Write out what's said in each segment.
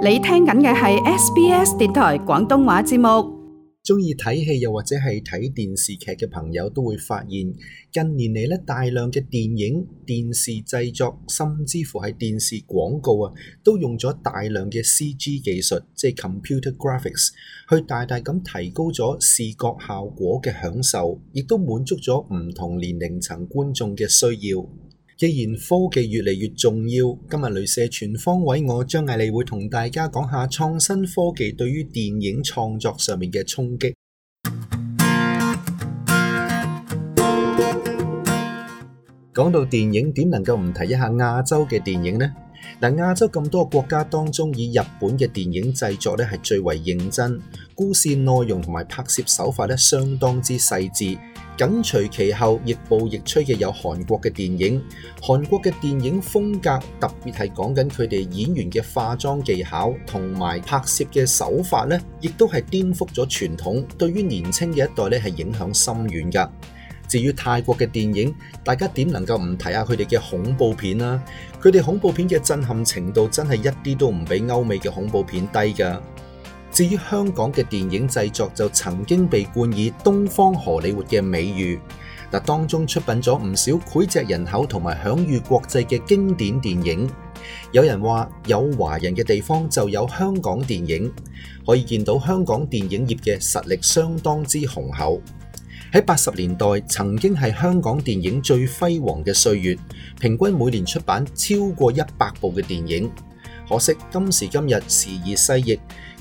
你聽緊嘅係 SBS 電台廣東話節目。中意睇戲又或者係睇電視劇嘅朋友都會發現，近年嚟咧大量嘅電影、電視製作，甚至乎係電視廣告啊，都用咗大量嘅 CG 技術，即係 Computer Graphics，去大大咁提高咗視覺效果嘅享受，亦都滿足咗唔同年齡層觀眾嘅需要。既然科技越嚟越重要，今日鐳射全方位，我張艾利會同大家講下創新科技對於電影創作上面嘅衝擊。講到電影，點能夠唔提一下亞洲嘅電影呢？嗱，亞洲咁多國家當中，以日本嘅電影製作咧係最為認真。故事內容同埋拍攝手法咧，相當之細緻。緊隨其後，亦步亦趨嘅有韓國嘅電影。韓國嘅電影風格特別係講緊佢哋演員嘅化妝技巧同埋拍攝嘅手法咧，亦都係顛覆咗傳統。對於年輕嘅一代咧，係影響深遠噶。至於泰國嘅電影，大家點能夠唔睇下佢哋嘅恐怖片啊？佢哋恐怖片嘅震撼程度真係一啲都唔比歐美嘅恐怖片低噶。至於香港嘅電影製作，就曾經被冠以「東方荷里活」嘅美譽。但當中出品咗唔少膾炙人口同埋享譽國際嘅經典電影。有人話：有華人嘅地方就有香港電影，可以見到香港電影業嘅實力相當之雄厚。喺八十年代，曾經係香港電影最輝煌嘅歲月，平均每年出版超過一百部嘅電影。可惜今時今日時移世易。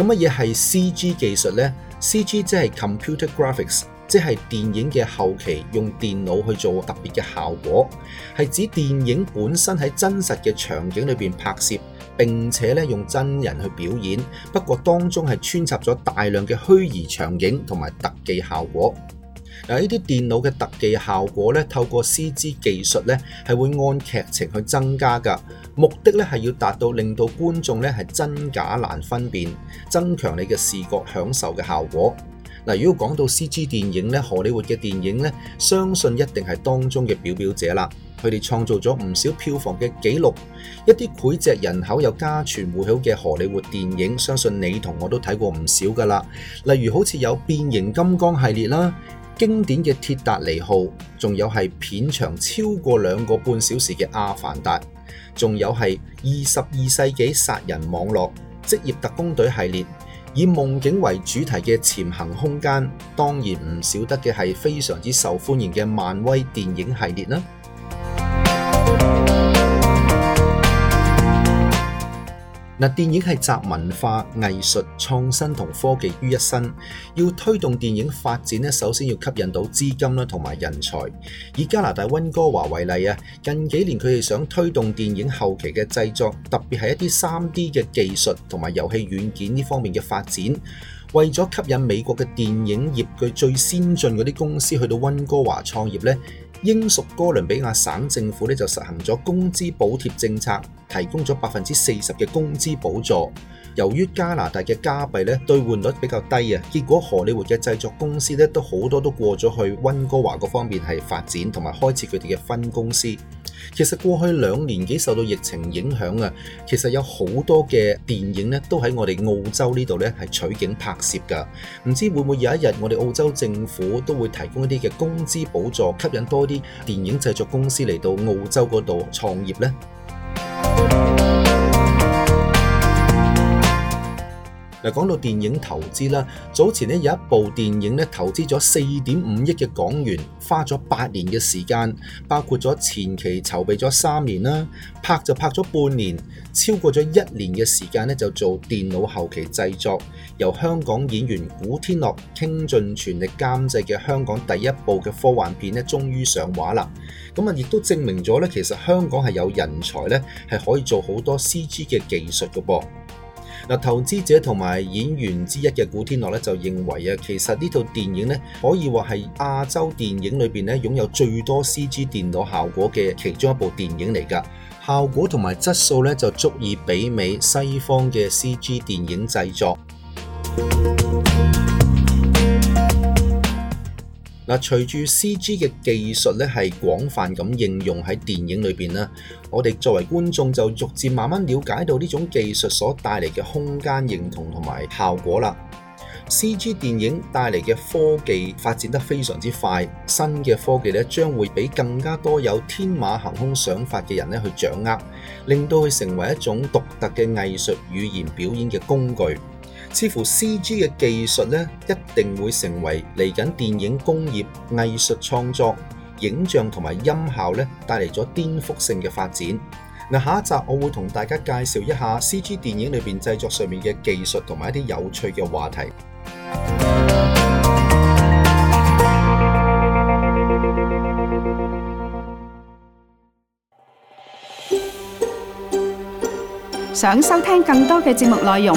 咁乜嘢係 CG 技術呢？c g 呢、CG、即係 computer graphics，即係電影嘅後期用電腦去做特別嘅效果，係指電影本身喺真實嘅場景裏邊拍攝，並且咧用真人去表演，不過當中係穿插咗大量嘅虛擬場景同埋特技效果。嗱，呢啲電腦嘅特技效果咧，透過 CG 技術咧，係會按劇情去增加㗎。目的咧係要達到令到觀眾咧係真假難分辨，增強你嘅視覺享受嘅效果。嗱，如果講到 CG 電影咧，荷里活嘅電影咧，相信一定係當中嘅表表者啦。佢哋創造咗唔少票房嘅紀錄，一啲膾炙人口又家傳戶曉嘅荷里活電影，相信你同我都睇過唔少㗎啦。例如好似有變形金剛系列啦。經典嘅《鐵達尼號》，仲有係片長超過兩個半小時嘅《阿凡達》，仲有係二十二世紀殺人網絡、職業特工隊系列，以夢境為主題嘅《潛行空間》，當然唔少得嘅係非常之受歡迎嘅漫威電影系列啦。嗱，電影係集文化、藝術、創新同科技於一身。要推動電影發展咧，首先要吸引到資金啦，同埋人才。以加拿大温哥華為例啊，近幾年佢哋想推動電影後期嘅製作，特別係一啲三 D 嘅技術同埋遊戲軟件呢方面嘅發展。為咗吸引美國嘅電影業嘅最先進嗰啲公司去到温哥華創業咧。英屬哥倫比亞省政府咧就實行咗工資補貼政策，提供咗百分之四十嘅工資補助。由於加拿大嘅加幣咧兌換率比較低啊，結果荷里活嘅製作公司咧都好多都過咗去溫哥華嗰方面係發展同埋開設佢哋嘅分公司。其實過去兩年幾受到疫情影響啊，其實有好多嘅電影咧都喺我哋澳洲呢度咧係取景拍攝㗎。唔知會唔會有一日我哋澳洲政府都會提供一啲嘅工資補助，吸引多電影製作公司嚟到澳洲嗰度創業呢。嗱，講到電影投資啦，早前咧有一部電影咧投資咗四點五億嘅港元，花咗八年嘅時間，包括咗前期籌備咗三年啦，拍就拍咗半年，超過咗一年嘅時間咧就做電腦後期製作，由香港演員古天樂傾盡全力監製嘅香港第一部嘅科幻片咧，終於上畫啦。咁啊，亦都證明咗咧，其實香港係有人才咧，係可以做好多 CG 嘅技術嘅噃。嗱，投資者同埋演員之一嘅古天樂咧，就認為啊，其實呢套電影咧，可以話係亞洲電影裏邊咧，擁有最多 CG 電腦效果嘅其中一部電影嚟㗎。效果同埋質素咧，就足以媲美西方嘅 CG 電影製作。嗱，隨住 CG 嘅技術咧，係廣泛咁應用喺電影裏面，我哋作為觀眾就逐漸慢慢了解到呢種技術所帶嚟嘅空間認同同埋效果啦。CG 電影帶嚟嘅科技發展得非常之快，新嘅科技咧，將會俾更加多有天馬行空想法嘅人去掌握，令到佢成為一種獨特嘅藝術語言表演嘅工具。似乎 CG 嘅技術咧，一定會成為嚟緊電影工業、藝術創作、影像同埋音效咧，帶嚟咗顛覆性嘅發展。嗱，下一集我會同大家介紹一下 CG 電影裏邊製作上面嘅技術同埋一啲有趣嘅話題。想收聽更多嘅節目內容，